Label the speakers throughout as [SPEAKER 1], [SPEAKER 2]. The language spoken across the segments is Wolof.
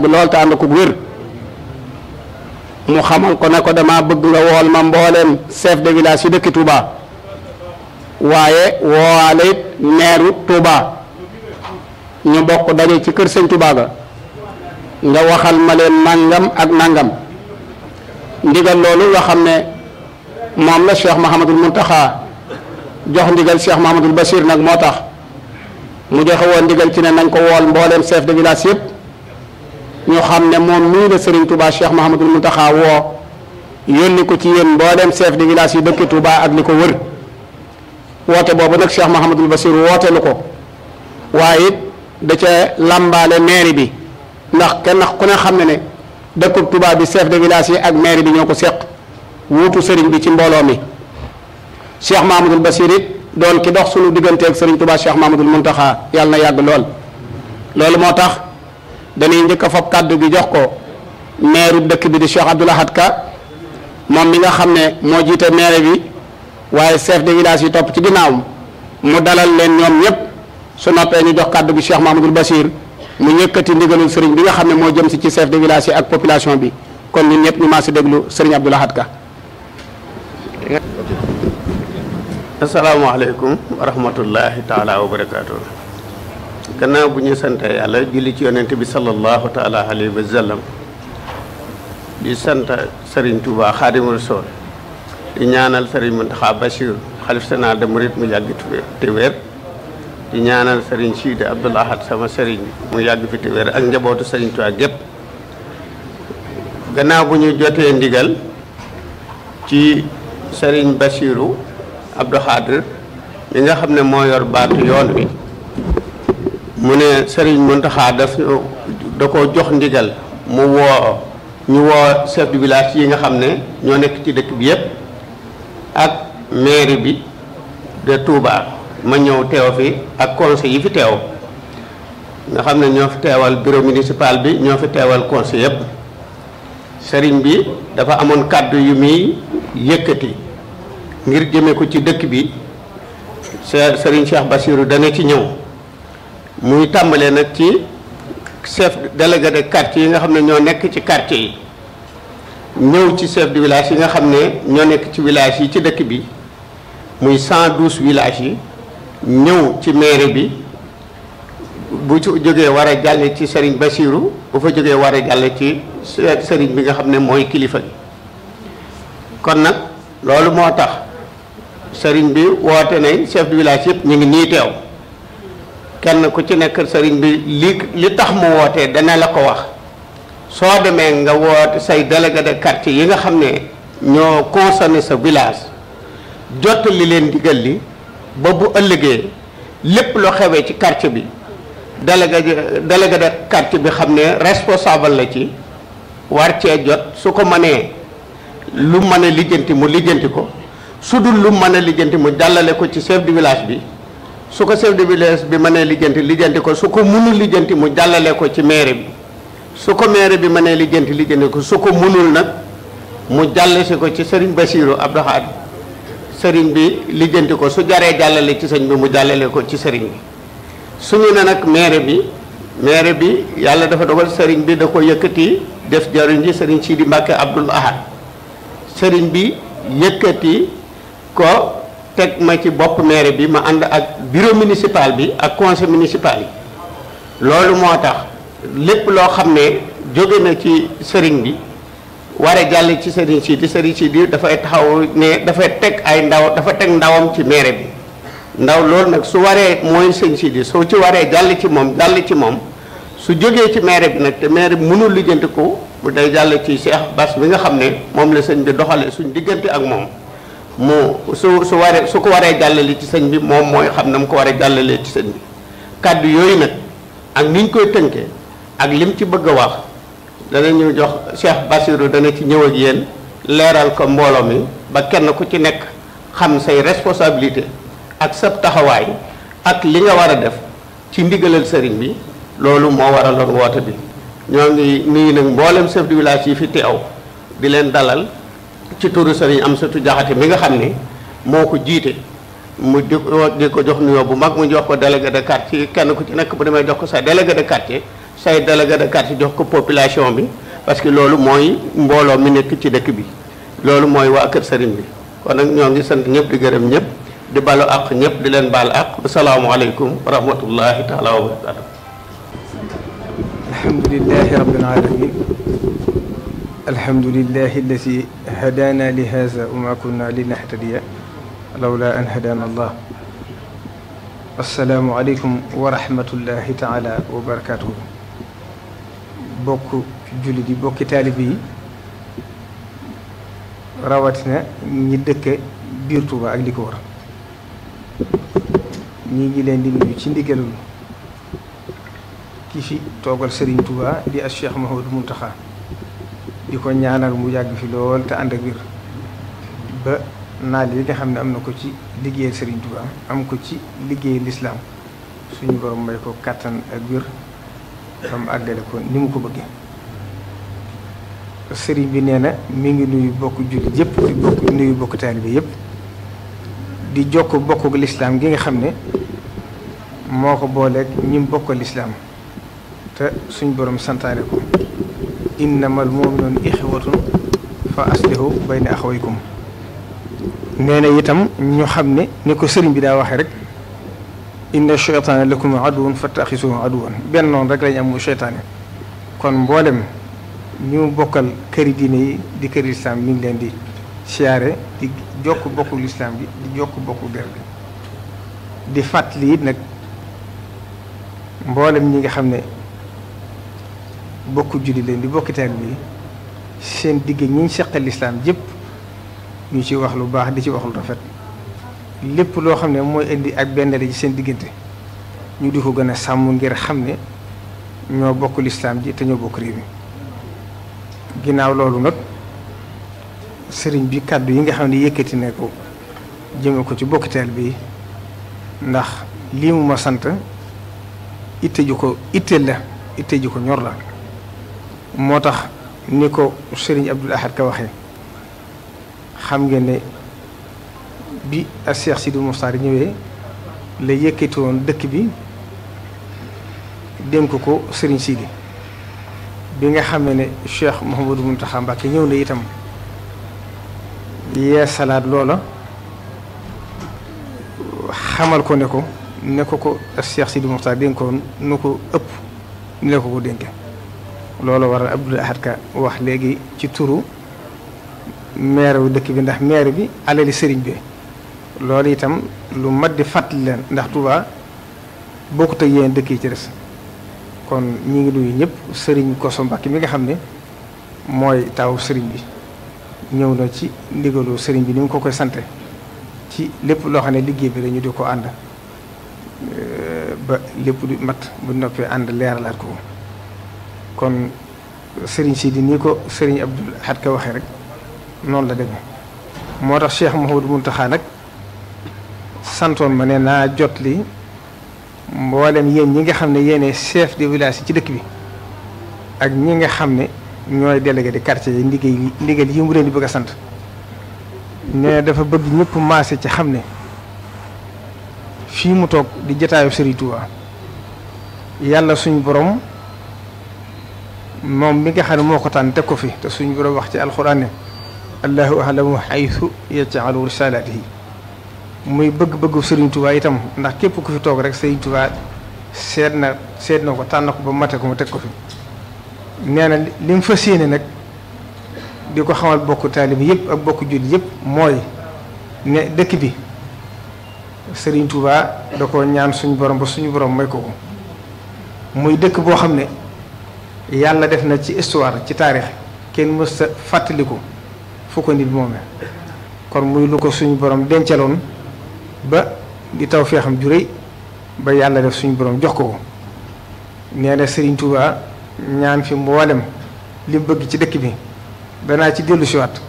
[SPEAKER 1] bi lool te ànd ko wér mu xamal ko ne ko dama bëgg nga wool ma mbooleem chef de village yu dëkki Touba waaye woowaale it meeru Touba ñu bokk daje ci kër sëñ Touba ga nga waxal ma leen nangam ak nangam ndigal loolu nga xam ne moom la Cheikh Mahamadul Muntaxa jox ndigal Cheikh Mahamadul Bachir nag moo tax mu joxe woon ndigal ci ne nañ ko wool mbooleem chef de village yëpp ñu xam ne moom mii la Serigne Touba Cheikh Mouhamadul Mountakha woo yónni ko ci yéen mboolem chef de village yi dëkk Touba ak li ko wër woote boobu nag Cheikh Mouhamadul Bassir woote lu ko waaye it da ca làmbaale mairie bi ndax kenn ku ne xam ne ne dëkkub Touba bi chef de village yi ak mairie bi ñoo ko seq wuutu sëriñ bi ci mbooloo mi Cheikh Mouhamadul Bassir it doon ki dox diggante digganteeg Serigne Touba Cheikh Mouhamadul Mountakha yàlla na yàgg lool dañuy njëkk a fob kàddu gi jox ko maire dëkk bi di Cheikh Abdou Lahad Ka moom mi nga xam ne moo jiite maire bi waaye chef de village yi topp ci ginnaawam mu dalal leen ñoom ñëpp su noppee ñu jox kàddu gi Cheikh Mahamadoul Bachir mu yëkkati ndigalul sëriñ bi nga xam ne moo jëm si ci chef de village yi ak population bi kon ñun ñëpp ñu maa si déglu sëriñ Abdou Lahad Ka
[SPEAKER 2] asalaamaaleykum wa rahmatullahi taala gannaaw bu ñu sante yàlla julli ci yonent bi sallallahu taala alayhi wa sallam di sant Serigne Touba Xaadimu Rasuul di ñaanal Serigne Mountakha Bachir xalif sénat de Mouride mu yàgg te wér di ñaanal Serigne siida Abdoul Ahad sama Serigne mu yàgg fi te wér ak njabootu Serigne Touba gépp gannaaw bu ñu jotee ndigal ci Serigne Bachiru Abdou Khadir mi nga xam ne moo yor baatu yoon wi mu ne Sëriñ Muntaxa daf da ko jox ndigal mu woo ñu woo chef village yi nga xam ne ñoo nekk ci dëkk bi yépp ak maire bi de Touba ma ñëw teew fi ak conseil yi fi teew nga xam ne ñoo fi teewal bureau municipal bi ñoo fi teewal conseil yépp sëriñ bi dafa amoon kàddu yi muy yëkkati ngir jëme ko ci dëkk bi sëriñ Cheikh Bassirou dana ci ñëw muy tàmbalee nag ci chef délégué de yi nga xam ne ñoo nekk ci quartier yi ñëw ci chef de village yi nga xam ne ñoo nekk ci village yi ci dëkk bi muy cent douze villages yi ñëw ci mairie bi bu ci war a jàll ci Serigne Bassirou bu fa jógee war a jàll ci Serigne bi nga xam ne mooy kilifa gi kon nag loolu moo tax Serigne bi woote ne chef de village yëpp ñu ngi nii teew kenn ku ci nekk sëriñ bi li li tax mu wootee dana la ko wax soo demee nga woote say délégué de yi nga xam ne ñoo concerné sa village jot li leen digal li ba bu ëllëgee lépp lu xewee ci kart bi délégué délégué de quartier bi xam ne responsable la ci war jot su ko mënee lu mën a lijjanti mu lijjanti ko su dul lu mën a lijjanti mu jàllale ko ci chef de village bi su ko chef de village bi mënee lijjanti lijjanti ko su ko munul lijjanti mu jàllale ko ci maire bi su ko maire bi mënee lijjanti lijjanti ko su ko munul nag mu jàll si ko ci sëriñ Basiiru Abdu Xaadir sëriñ bi lijjanti su jaree jàllale ci sëñ bi mu jàllale ko ci sëriñ bi ne nag maire bi maire bi yàlla dafa dogal sëriñ bi da ko yëkkati def jariñ ji sëriñ Sidi Mbàkke Abdul Ahad sëriñ bi yëkkati ko teg ma ci bopp maire bi ma ànd ak bureau municipal bi ak conseil municipal yi loolu moo tax lépp loo xam ne jóge na ci sëriñ bi war a jàll ci sëriñ si di sëriñ si di dafay taxaw ne dafay teg ay ndaw dafa teg ndawam ci maire bi ndaw loolu nag su waree mooy sëñ si di soo ci waree jàll ci moom jàll ci moom su jógee ci maire bi nag te maire bi mënul lijjanti ko bu day jàll ci Cheikh Bass bi nga xam ne moom la sëñ bi doxalee suñ diggante ak moom mu su su waree su ko waree jàllale ci sëñ bi moom mooy xam na mu ko waree jàllalee ci sëñ bi kàddu yooyu nag ak ni ñu koy tënkee ak lim ci bëgg a wax danañu jox Cheikh Bassirou dana ci ñëw yéen leeral ko mbooloo mi ba kenn ku ci nekk xam say responsabilité ak sab taxawaay ak li nga war a def ci ndigalal sëriñ bi loolu moo war a waraloon woote bi ñoo ngi nuyu nag mboolem chef de village yi fi teew di leen dalal. ci turu sëriñ Amsatu Jaxate mi nga xam ne moo ko jiite mu di ko di ko jox nuyoo bu mag mu jox ko délégué de quartier kenn ku ci nekk bu demee jox ko sa délégué de quartier say délégué de quartier jox ko population bi parce que loolu mooy mbooloo mi nekk ci dëkk bi loolu mooy waa kër sëriñ bi kon nag ñoo ngi sant ñëpp di gërëm ñëpp di balu àq ñëpp di leen baal àq salaamu wa rahmatullahi taala wa barakatu
[SPEAKER 3] alhamdulilahi rabbil alamin الحمد لله الذي هدانا لهذا وما كنا لنهتدي لولا أن هدانا الله السلام عليكم ورحمة الله تعالى وبركاته bokk julli di bokki taalibe yi rawatina ñi dëkk biir Touba ak li ko war leen di nuyu ci ndigalul ki fi toogal Serigne Touba di as Cheikh Mouhamadou di ko ñaanal mu yàgg fi lool te ànd ak wér ba naal yi nga xam ne am na ko ci liggéeyal Serigne Touba am ko ci liggéeyal lislaam suñu borom may ko kàttan ak wér ba mu àggale ko ni mu ko bëggee sëriñ bi nee na mi ngi nuyu bokk jullit yëpp di bokk nuyu bokk taalibe yëpp di jokk bokk lislaam gi nga xam ne moo ko booleeg ñi mu bokk lislaam te suñu borom santaane ko. innamal muminuun ixwatun fa aslihu bayna axawaykum nee na itam ñu xam ne ni ko sëriñ bi daa waxe rek inna cheytaana lakum aduwun fattaxisuhu aduwan benn noonu rek lañu am muy kon mboolem ñu bokkal këri diine yi di këri lislaam mi ngi leen di siyaare di jokk bokku lislaam bi di jokk bokku der di fàttali it nag mboolem ñi nga xam ne bokk julli leen di bokki taalibe bi seen digg ñi ñu seqal lislaam jëpp ñu ci wax lu baax di ci wax lu rafet lépp loo xam ne mooy indi ak benn ji seen diggante ñu di ko gën a sàmm ngir xam ne ñoo bokk lislaam ji te ñoo bokk réew mi ginnaaw loolu nag sëriñ bi kàddu yi nga xam ne yëkkati ne ko jëme ko ci bokkiteel bi ndax lii mu ma sant itte ju ko itteel la itte ju ko ñor la moo tax ni ko sëriñ Abdoul Ahad ka waxee xam nga ne bi ak Cheikh Sidi Moustapha ñëwee la yëkkati woon dëkk bi dénk ko sëriñ Sidi bi nga xam ne Cheikh Mouhamadou Mountakha Mbacké ñëw na itam yee salaat loola xamal ko ne ko ne ko ko Cheikh Sidi Moustapha dénkoon nu ko ëpp ni la ko ko dénke loolu waral Abdoul Ahad wax léegi ci turu maire wu dëkk bi ndax maire bi alali sëriñ bi loolu itam lu mat di fàttali leen ndax Touba bokkut ak yeneen dëkk yi ci des kon ñu ngi nuyu ñëpp sëriñ Koso Mbàkke mi nga xam ne mooy taw sëriñ bi ñëw na ci ndigalu sëriñ bi ni mu ko koy sante ci lépp loo xam ne liggéey bi dañu di ko ànd euh, ba lépp du mat bu noppee ànd leeralaat ko. kon Serigne Sidi nii ko sëriñ Abdoul Ahad Ka waxee rek noonu la demee moo tax Cheikh Mouhamadou taxaa nag santoon ma ne naa jot li mboolem yéen ñi nga xam ne yéenee chef de village yi ci dëkk bi ak ñi nga xam ne ñooy délégué de quartier yi ndigal yi ndigal mu leen di bëgg a sant ne dafa bëgg ñëpp maase ci xam ne fii mu toog di jataayu Serigne Touba yàlla suñu borom. moom mi nga xam ne moo ko tànn teg ko fi te suñu borom wax ci alxuraan ne allahu ahlamu haythu yaj'alu risalatihi muy bëgg-bëggu Serigne Touba itam ndax képp ku fi toog rek Serigne Touba seet na seet na ko tànn ko ba mate ko mu teg ko fi nee na li mu fas yéene nag di ko xamal bokk taalibi yëpp ak bokk julli yépp mooy ne dëkk bi Serigne Touba da ko ñaan suñu borom ba suñu borom may ko ko muy dëkk boo xam ne. yàlla def na ci histoire ci taarix kenn mës sa fàttaliku fu ko nit moomee kon muy lu ko suñu borom dencaloon ba di taw fee xam ba yàlla def suñu borom jox ko ko nee na Serigne Touba ñaan fi mboolem li bëgg ci dëkk bi danaa ci dellu siwaat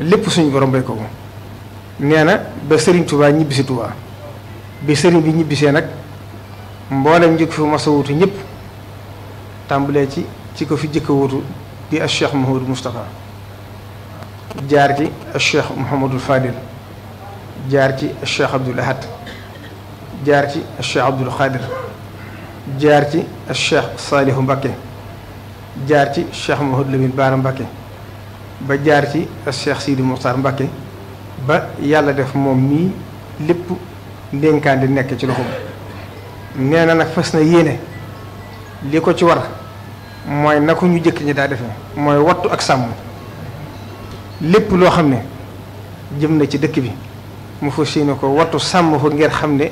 [SPEAKER 3] lépp suñu borom bay ko ko nee na ba Serigne Touba ñibbisi Touba bi Serigne bi ñibbisee nag mboolem njëkk fi masa wutu ñëpp. tàmbalee ci ci ko fi jëkk wutu di al cheikh Mouhamadou Moustapha jaar ci al cheikh Mouhamadou Fadil jaar ci al cheikh Abdoul Ahad jaar ci al cheikh Abdoul Khadir jaar ci cheikh Salihu Mbacké jaar ci cheikh Mouhamadou Lamine ba jaar ci al cheikh Sidi Moukhtar Mbacké ba yàlla def moom mii lépp ndénkaan di nekk ci loxo bi nee na nag fas na yéene li ko ci war mooy na ko ñu jëkk ñi daa defe mooy wattu ak sàmm lépp loo xam ne jëm na ci dëkk bi mu fa séene ko wattu sàmm ko ngeen xam ne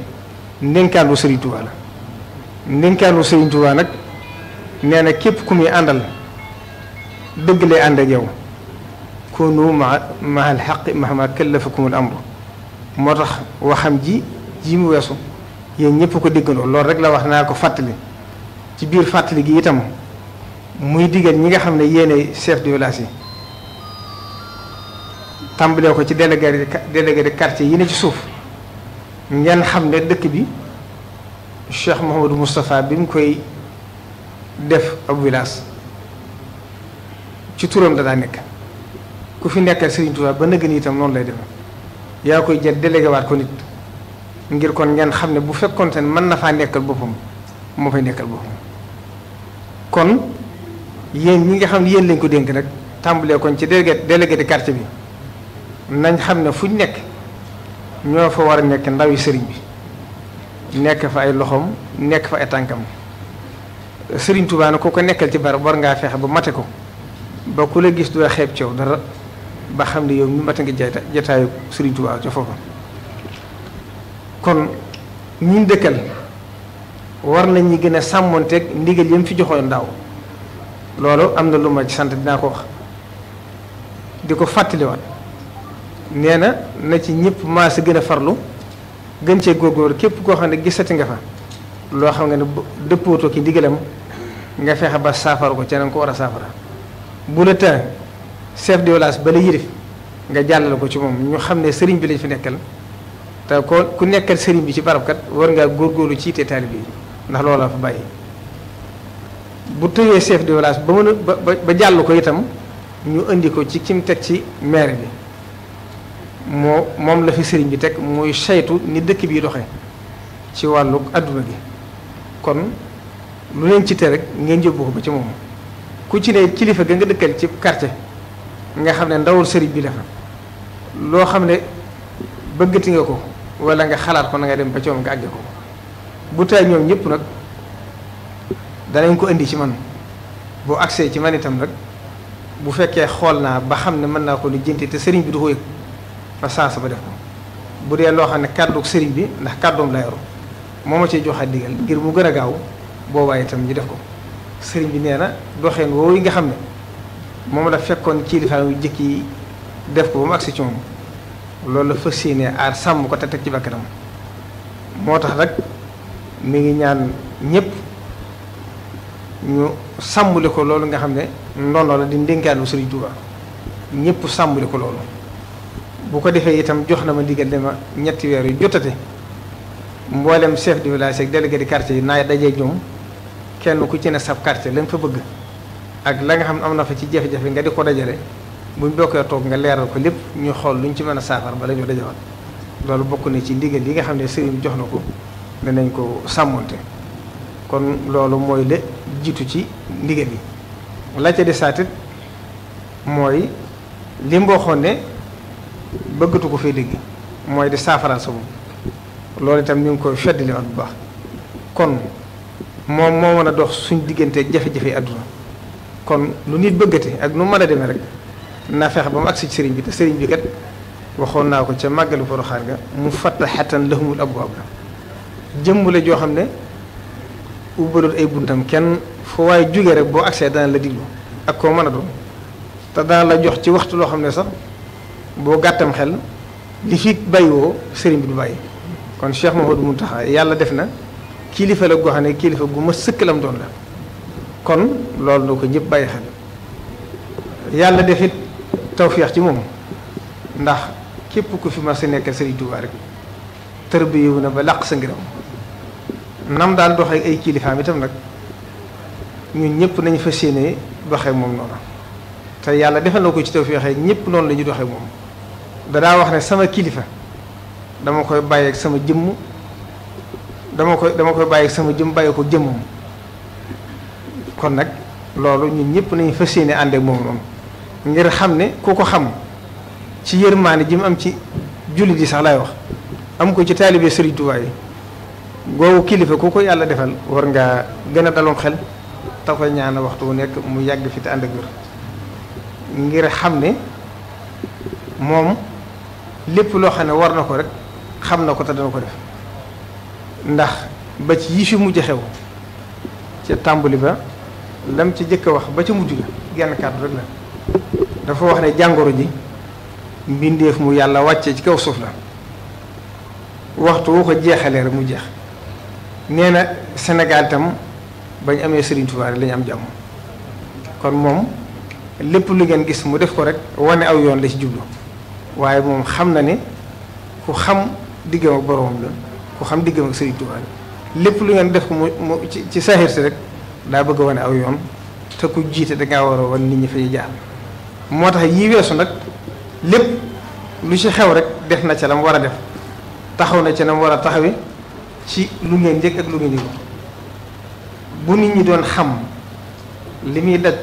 [SPEAKER 3] ndénkaan lu Serigne Touba la ndénkaan lu nag nee na képp ku muy àndal dëgg lay ànd ak yow kunu maa maa al xaqi mahma kallafakum al amru moo tax waxam ji ji mu weesu yéen ñëpp ko déggandoo loolu rek la wax naa ko fàttali ci biir fàttali gi itam muy digal ñi nga xam ne yéene chef de village yi tàmbalee ko ci délégué délégué de quartier yi ne ci suuf ngeen xam ne dëkk bi Cheikh Mouhamadou Moustapha bi mu koy def ab village ci turam danaa nekk ku fi nekkal Serigne Touba ba nëgg ni itam noonu lay def yaa koy jël délégué ko nit ngir kon ngeen xam ne bu fekkonte ne mën na faa nekkal boppam moo fa nekkal boppam kon yéen ñi nga xam yéen lañ ko dénk nag tàmbalee kon ci délégué délégué de bi nañ xam ne fuñ nekk ñoo fa war a nekk ndawi sëriñ bi nekk fa ay loxoom nekk fa ay tànkam sëriñ Tuubaa na ko ko nekkal ci barab war ngaa fexe ba mate ko ba ku la gis du la xeeb coow dara ba xam ne yow mi mate nga jata jataayu sëriñ Tuubaa ca foofa kon ñun dëkkal war nañ ñi gën a teg ndigal yam fi joxoon ndaw loolu am na lu ma ci sant dinaa ko wax di ko fàttaliwaat nee na na ci ñëpp maa si gën a farlu gën cee góorgóor képp koo xam ne gis gisati nga fa loo xam nga ne dëppootoo ki ndigalam nga fexe ba saafara ko ca na nga ko war a saafara bu la ta chef de village ba la yërif nga jàllale ko ci moom ñu xam ne sëriñ bi lañ fi nekkal te ko ku nekkal sëriñ bi ci barab war ngaa góor góorlu ci te taalib yi ndax loolu la fa bàyyi. bu tëyee chef de village ba mën a ba ba jàll ko itam ñu indi ko ci kim teg ci maire bi moo moom la fi sëriñ bi teg muy saytu ni dëkk bi doxe ci wàllu adduna bi kon lu leen ci te rek ngeen yóbbu ko ba ci moom ku ci ne kilifa ga nga dëkkal ci quartier nga xam ne ndawul sëriñ bi dafa loo xam ne bëggati nga ko walla nga xalaat ko na nga dem ba ci moom nga àgge ko bu tay ñoom ñëpp nag danañ ko indi ci man boo agsee ci man itam rek bu fekkee xool naa ba xam ne mën naa ko lijjanti te sëriñ bi du ko yëg fa saa sa def ko bu dee loo xam ne kàddu sëriñ bi ndax kàddoom la yoru moo ma cee joxaat digal ngir mu gën a gaaw boobaa itam ñu def ko sëriñ bi nee na doxeen woowu yi nga xam ne moom la fekkoon ci lifaam yu jëkk yi def ko ba mu agsi ci moom loolu la fas yéene aar sàmm ko te teg ci bakkanam moo tax rek mi ngi ñaan ñépp ñu sàmmule ko loolu nga xam ne ndono la di ndénkaanu Serigne Touba ñëpp sàmmule ko loolu bu ko defee itam jox na ma ndigal ne ma ñetti weer yu jotate mboolem chef di village ak délégué de quartier yi naay dajee ñoom kenn ku ci ne sab quartier lañ fa bëgg ak la nga xam ne am na fa ci jafe-jafe nga di ko dajale buñ bokkee toog nga leeral ko lépp ñu xool lu ñu ci mën a saafar bala ñu dajawal loolu bokk na ci ndigal yi nga xam ne Serigne jox na ko danañ ko sàmmonte kon loolu mooy le jiitu ci ndigal yi la ca desaatit mooy li mu ne bëggatu ko fee dégg mooy di saafaraan sa bopp loolu itam ñu ngi koy feddali waat bu baax kon moom moo mën a dox suñ diggante jafe-jafe àdduna kon lu nit bëggate ak nu mën a demee rek naa fexe ba mu agsi ci sëriñ bi te sëriñ bi kat waxoon naa ko ca màggalu Porokhane ga mu fattaxatan lahumul abwaab jëmm la joo xam ne ubbalul ay buntam kenn fu waaye jógee rek boo agsee dana la diglu ak koo mën a doon te dana la jox ci waxtu loo xam ne sax boo gàttam xel li fi bàyyiwoo sëriñ bi du bàyyi kon Cheikh Mouhamadou Mountakha yàlla def na kilifa la goo xam ne kilifa gu ma sëkk lam doon la kon loolu na ko ñëpp bàyyi xel yàlla def it taw tawféex ci moom ndax képp ku fi ma si nekk sëriñ Tuubaa rek tërbiyewu na ba làq sa ngiram nam daan doxee ay kilifaam itam nag ñun ñëpp nañu fas yéene doxee moom noonu te yàlla defal na ko ci tawfeex ñëpp noonu la ñu doxee moom danaa wax ne sama kilifa dama koy bàyyeeg sama jëmm dama koy dama koy bàyyeeg sama jëmm bàyyi ko jëmmam kon nag loolu ñun ñëpp nañu fas yéene ànd ak moom noonu ngir xam ne ku ko xam ci yërmaane ji mu am ci jullit yi sax laay wax am ko ci taalibe Sëriñ Tuubaa googu kilifa ku ko yàlla defal war ngaa gën a daloon xel te koy ñaan waxtu wu nekk mu yàgg fi te ànd ak wér ngir xam ne moom lépp loo xam ne war na ko rek xam na ko te dana ko def ndax ba ci yi fi mujj xew ca tàmbali ba lam ci jëkk wax ba ca mujj la genn kàddu rek la dafa wax ne jàngoro ji mbindeef mu yàlla wàcce ci kaw suuf la waxtu woo ko jeexalee rek mu jeex nee na Sénégal tam ba ñu amee Serigne Touba rek la am jàmm kon moom lépp lu ngeen gis mu def ko rek wane aw yoon la ci jublu waaye moom xam na ni ku xam diggam ak boromam la ku xam diggam ak Serigne Touba lépp lu ngeen def ko mu mu ci ci saaxiir si rek daa bëgg a wane aw yoon te ku jiite dangaa war a wane nit ñi fay jaar moo tax yii nag lépp lu ci xew rek def na ca war a def taxaw na ca la mu war a taxawi ci lu ngeen njëkk ak lu ngeen yëngu. bu nit ñi doon xam li muy daj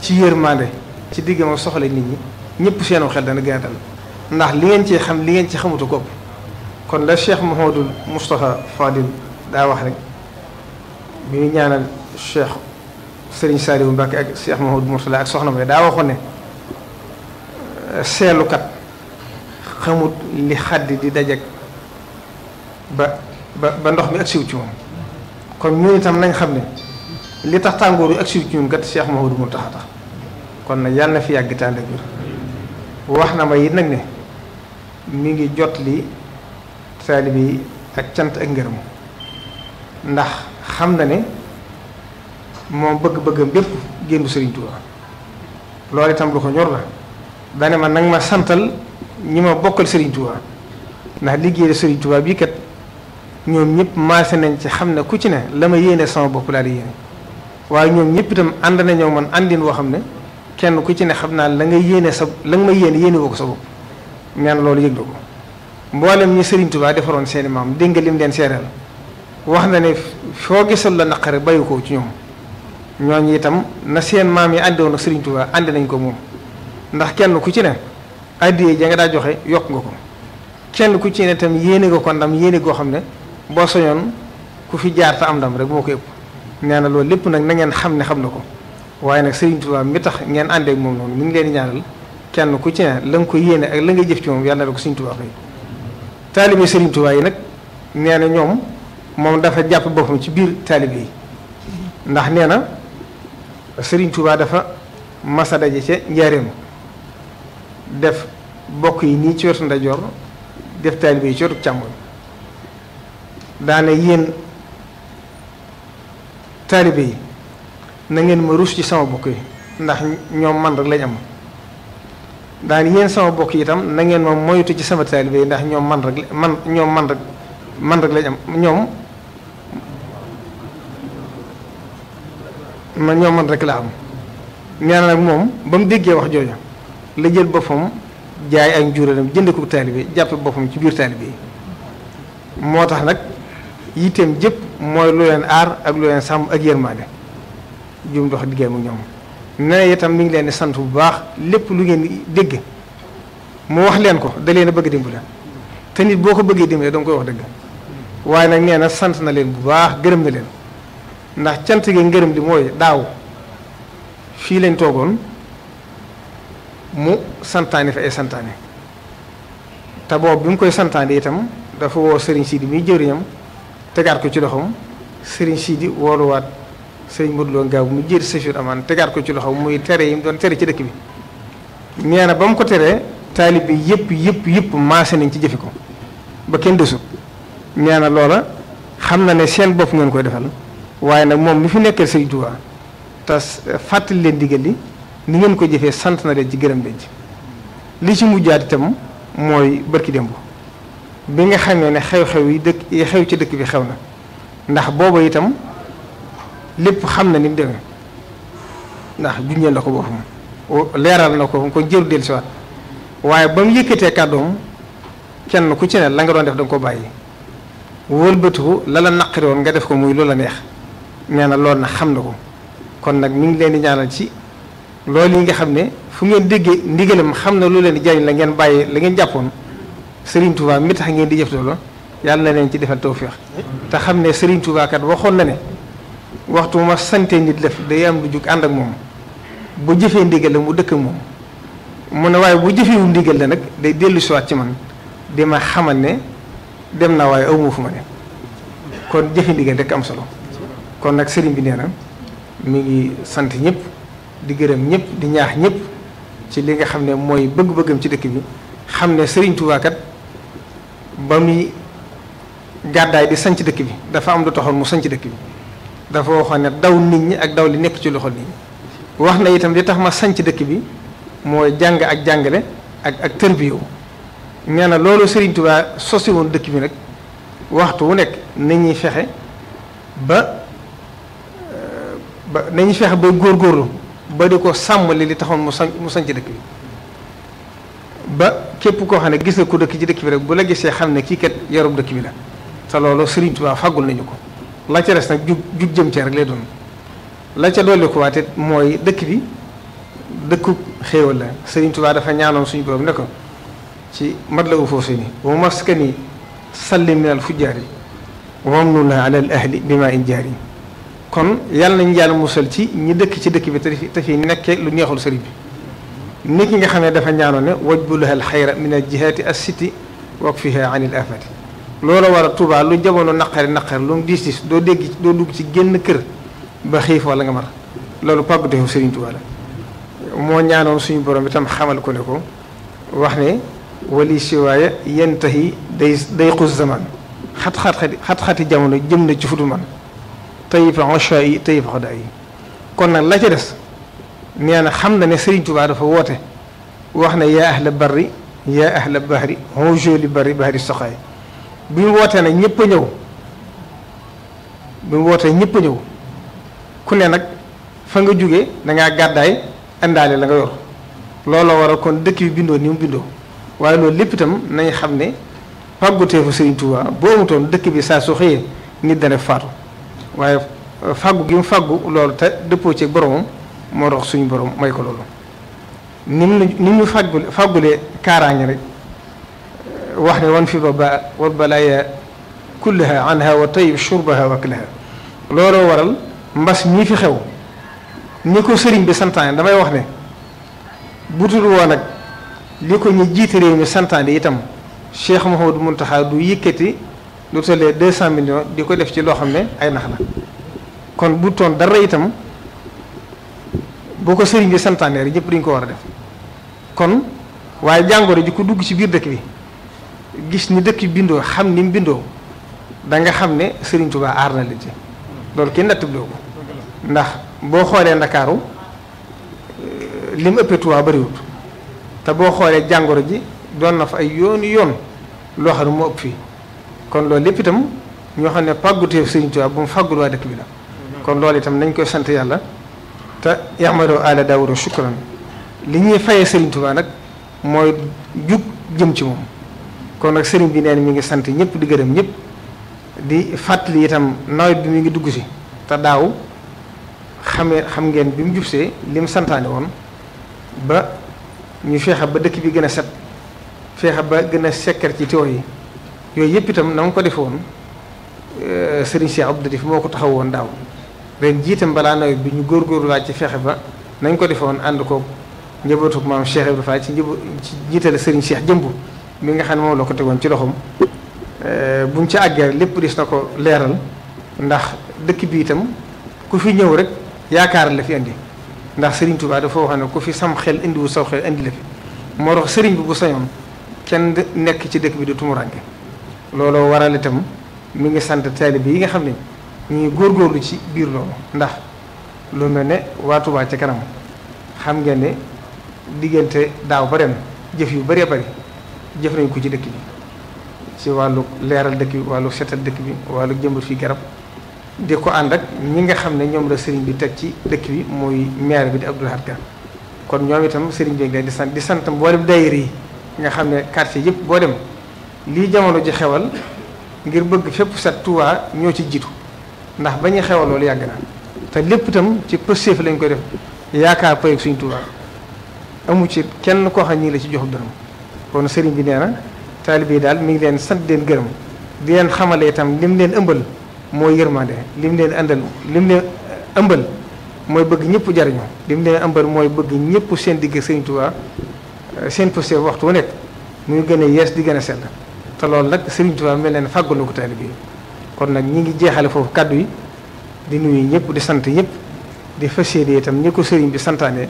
[SPEAKER 3] ci yërmande ci diggam ak soxla nit ñi ñëpp seenoo xel dana gën a dal ndax li ngeen ci xam li ngeen ci xamutu ko kon la Cheikh Mouhamadou Moustapha Fadil daa wax rek bi ñu ñaanal Cheikh Serigne bu Mbacké ak Cheikh Mouhamadou Moustapha ak soxna May daa waxoon ne euh, seelukat xamut li xaddi di dajeg ba ba ba ndox mi ak siw ci moom kon ñun itam nañ xam ne li tax tàngoor yu ak ci ñun kat Cheikh Mouhamadou Mountakha tax kon nag yàlla na fi yàgg te wax na ma it nag ne mi ngi jot li taalibe yi ak cant ak ngërëm ndax xam na ne moom bëgg-bëggam bépp génn Serigne Touba loolu itam lu ko ñor la dane ma nag ma santal ñi ma bokkal Serigne Touba ndax liggéey Serigne Touba bii kat ñoom ñëpp maase nañ ci xam ne ku ci ne la ma yéene sama bopp laa di yéene waaye ñoom ñëpp itam ànd nañoo man àndin woo xam ne kenn ku ci ne xam naa la nga yéene sa la nga yéene yéene woo ko sa bopp ñaan loolu yëg na ko mboolem ñi defaroon seeni maam dégg lim leen seeral wax na ne foo gisal la naqare bàyyi ko ci ñoom ñooñu itam na seen maam yi àndoon ak Serigne nañ ko moom ndax kenn ku ci ne addiye ja nga daa joxe yokk nga ko kenn ku ci ne itam yéene nga ko ndam yéene goo xam ne. boo soñoon ku fi jaar te am ndam rek moo ko ëpp nee loolu lépp nag na ngeen xam ne xam na ko waaye nag Serigne Touba mi tax ngeen àndeek moom noonu mu ngi leen ñaanal kenn ku ci ne la nga ko yéene ak la nga jëf ci moom yàlla na ko Serigne Touba fay taalibe Serigne Touba yi nag nee na ñoom moom dafa jàpp boppam ci biir taalibe yi ndax nee na Serigne dafa masa daje ca njaareem def bokk yi nii ci wetu ndajoor def taalibe yi ci wetu càmmoñ daane yéen taalibe yi na ngeen ma rus ci sama bokk yi ndax ñoom man rek lañ am daan yéen sama bokk yi itam na ngeen ma moytu ci sama taalibe yi ndax ñoom man rek man ñoom man rek man rek lañ ñoom man ñoom man rek la am nee na nag moom ba mu déggee wax jooju la jël boppam jaay ak njuréelam jënd ko taalibe jàppe boppam ci biir taalibe yi moo tax nag yitteem jëpp mooy lu leen aar ak lu leen sàmm ak yërmaande jum dox diggéem mu ñoom ne itam mi ngi leen di sant bu baax lépp lu ngeen dégg mu wax leen ko da leen bëgg dimbale te nit boo ko bëggee dimbale danga koy wax dëgg waaye nag nee na sant na leen bu baax gërëm na leen ndax cant gi ngërëm li mooy daaw fii lañ toogoon mu santaane fi ay santaane te boobu bi mu koy santaane itam dafa sëriñ Serigne Sidi muy jëriñam tegaat ko ci loxoom sëriñ Sidi wooluwaat sëriñ Modou Lo Ngaabu mu jër safir amaan tegaat ko ci loxoom muy tere yi mu doon tere ci dëkk bi nee na ba mu ko teree taalib bi yëpp yëpp yëpp maase nañ ci jëfe ko ba kenn desut nee na loola xam na ne seen bopp ngeen koy defal waaye nag moom mu fi nekkal sëriñ Tuubaa tas fàttali leen digal li ni ngeen ko jëfee sant na leen ci gërëm leen ci li ci mujjaat itam mooy barki démb bi nga xamee ne xew-xew yi dëkk yi xew ci dëkk bi xew na ndax booba itam lépp xam na ni mu demee ndax junjal na ko boppam leeral na ko kon jëru del siwaat waaye ba mu yëkkatee kàddoom kenn ku ci la nga doon def da ko bàyyi wëlbatiku la la naqari woon nga def ko muy loola neex nee na loolu nag xam na ko kon nag mi ngi leen di ñaanal ci loolu yi nga xam ne fu ngeen déggee ndigalam xam na lu leen di jariñ la ngeen bàyyi la ngeen jàppoon Serigne Touba mi tax ngeen di jëf loolu yàlla na leen ci defal tawféex te xam ne Serigne Touba kat waxoon na ne waxtu ma sante nit def day am lu jug ànd ak moom bu jëfee ndigal mu dëkk moom mu ne waaye bu jëfewu ndigal nag day dellu siwaat ci man di ma xamal ne dem naa waaye aw fu ma ne kon jëfe ndigal rek am solo kon nag Serigne bi nee na mi ngi sant ñëpp di gërëm ñëpp di ñaax ñëpp ci li nga xam ne mooy bëgg-bëggam ci dëkk bi xam ne sëriñ Touba kat. ba muy gàddaay di sanc dëkk bi dafa am lu taxoon mu sanc dëkk bi dafa waxoon ne daw nit ñi ak daw li nekk ci loxo nit ñi wax na itam li tax ma sanc dëkk bi mooy jàng ak jàngale ak ak tërbiyo nee na loolu Serigne Touba sosi woon dëkk bi nag waxtu wu nekk nañuy fexe ba ba nañuy fexe ba góorgóorlu ba di ko sàmmali li taxoon mu sanc mu sanc dëkk bi ba képp koo xam ne gis na ko dëkk ci dëkk bi rek bu la gisee xam ne kii kat yorub dëkk bi la te loolu Serigne Touba faggul nañu ko la ca des nag jug jug jëm cee rek lay doon la ca dolli ko waate mooy dëkk bi dëkku xéewal la Serigne dafa ñaanoon suñu borom ne ko ci mat la u foofu ni wa maskani salli minal fujjaari wamnuna ala al ahli bima in jaari kon yàlla nañu yàlla musal ci ñi dëkk ci dëkk bi te fi nekkee lu neexul sëriñ bi nit ki nga xam ne dafa ñaanoon ne waj wajbuluha alxayra min aljihati assiti wakfiha an il afati loola war a Tuubaa lu jamono naqari naqari lu mu diis diis doo dégg doo dugg ci génn kër ba xiif wala nga mar loolu pàggatefu Sëriñ Tuubaa la moo ñaanoon suñu borom bi tam xamal ko ne ko wax ne wali siwaaya yantahi day day xus zaman xat-xat xat-xati jamono jëm na ci futu man tayifa ocha yi tayifa xoda yi kon nag la ca des nee na xam na ne Serigne Touba dafa woote wax na yaa ahla barri yaa ahla bahri honjoli bari bahri soxaay bi mu wootee nag ñëpp a ñëw bi mu wootee ñëpp a ñëw ku ne nag fa nga jóge da gàddaay indaale la nga yor looloo waral kon dëkk yu bindoo ni mu bindoo waaye loolu lépp itam nañ xam ne fàgguteefu Serigne Touba boo amutoon dëkk bi saa su xëyee nit dana faatu waaye fàggu gi mu fàggu loolu te dëppoo ci boromam. moo dox suñu borom may ko loolu ni mu ni mu fàggule fàggulee kaaraange rek wax ne wan fi ba ba wal balaaya kullaha anha wa tayib shurbaha wa aklaha looloo waral mbas mii fi xew ni ko sëriñ bi santaane damay wax ne butul woon nag li ko ñu jiite réew mi santaane itam Cheikh Mouhamadou Mountakha du yëkkati lu tollee deux cent millions di ko def ci loo xam ne ay nax la kon bu toon dara itam boo ko sëriñ bi santaane rek ñëpp dañu ko war a def kon waaye jàngoro ji ku dugg ci biir dëkk bi gis ni dëkk bindoo xam ni mu bindoo danga xam ne sëriñ tubaa aar na leen ci loolu kenn nattabloo ko boo xoolee ndakaaru euh, li mu ëppee boo xoolee jàngoro ji doon na fa ay yoon yoon loo xam ne moo ëpp fii kon loolu lépp itam ñoo xam ne pàgguteef sëriñ Tuubaa bu mu fàggul waa dëkk bi la kon loolu itam nañ koy sant yàlla te yamalu ala daawuda shukran li ñuy fayee Serigne Touba nag mooy jug jëm ci moom kon nag Serigne bi neen mi ngi sant ñëpp di gërëm ñëpp di fàttali itam nawet bi mi ngi dugg si te daaw xamee xam ngeen bi mu jubsee li mu santaane woon ba ñu feexa ba dëkk bi gën a set feexa ba gën a sekkar ci tiwo yi yooyu yëpp itam na nga ko defoon euh, Serigne Cheikh Abdou Latif moo ko taxaw woon daaw ren jiitam balaa nawet bi ñu góor góorgóorluwaat ci fexe ba nañ ko defoon ànd ko njabootug maam Cheikh Ibrahima Fall ci njëbo ci jiitale Serigne Cheikh jëmb mi nga xam ne moom la ko tegoon ci loxoom euh, buñ ci àggee lépp dis na ko leeral ndax dëkk bi itam ku fi ñëw rek yaakaar la fi indi ndax Serigne Touba dafa wax ne ku fi sam xel indiwu saw xel indi la fi moo tax Serigne bi bu sañoon kenn nekk ci dëkk bi du tumuraanke looloo waral itam mu ngi sant taalibe yi nga xam ne. ñuy góorgóorlu ci biir loolu ndax lu mel ne waa Touba ca kanam xam ngeen ne diggante daaw ba ren jëf yu bëree bëri jëf nañ ko ci dëkk bi ci wàllu leeral dëkk bi wàllu setal dëkk bi wàllu jëmbat fii garab di ko ànd ak ñi nga xam ne ñoom la sëriñ bi teg ci dëkk bi muy maire bi di Abdou Lahad kon ñoom itam sëriñ bi ngi di sant di sant mboolem daayira yi nga xam ne quartier yëpp boo dem li jamono ji xewal ngir bëgg fépp set Touba ñoo ci jiitu ndax ba ñuy xewal loolu yàgg na te lépp itam ci pëstéef lañ koy def yaakaar payug suñ Tuuba amu ci kenn koo xam ñi la ci joxub dërëm kon sëriñ bi nee na taalibe yi daal mi ngi leen sant leen gërëm di leen xamale itam lim leen ëmbal mooy yërmande lim leen àndal lim leen ëmbal mooy bëgg ñëpp jariñu lim leen ëmbal mooy bëgg ñëpp seen digg sëriñ Tuuba seen pëstéef waxtu wu nekk muy gën a yees di gën a sell te loolu nag sëriñ Tuuba mel leen fàggalu ko taalibe yi kon nag ñi ngi jeexale foofu kàddu yi di nuyu ñëpp di sant ñëpp di fas yéene itam ñi ko sëriñ bi santaane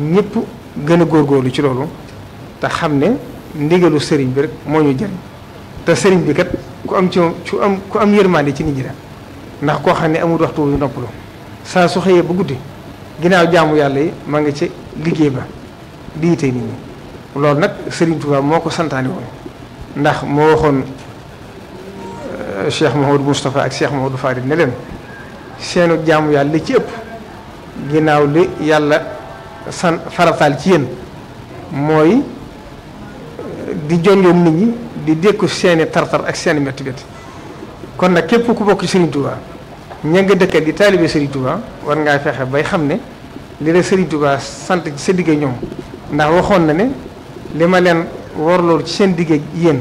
[SPEAKER 3] ñëpp gën a góor góorlu ci loolu te xam ne ndigalu sëriñ bi rek moo ñu jëriñ te sëriñ bi kat ku am ci ku am ku am yërmande ci nit ñi la ndax koo xam ne amul waxtu wu noppalu saa su xëyee bu guddi ginnaaw jaamu yàlla yi ma nga ci liggéey ba di tey nit ñi loolu nag sëriñ Tuubaa moo ko santaane woon ndax moo waxoon Cheikh Mouhamadou Moustapha ak Cheikh Mouhamadou Farid ne leen seenu jaamu yàlla ci ëpp ginnaaw li yàlla san farataal ci yéen mooy eh, di jonjoom nit ñi di dékku seeni tartar ak seeni métti métti kon nag képp ku bokk ci Serigne Touba ña nga dëkkat di taalibe Serigne war ngaa fexe bay xam ne li la Serigne Touba sant ci sa digg ñoom ndax waxoon na ne li ma leen warlool ci seen digg yéen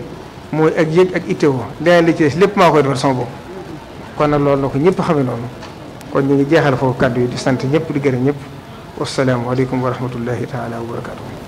[SPEAKER 3] mooy ak yëg ak itteewoo leneen li ci lépp maa koy defal sama bopp kon nag loolu na ko ñëpp xamee noonu kon ñu ngi jeexal foofu kàddu yi di sant ñëpp di gërëm ñëpp wasalaamualeykum wa rahmatullahi taala wa barakaatu.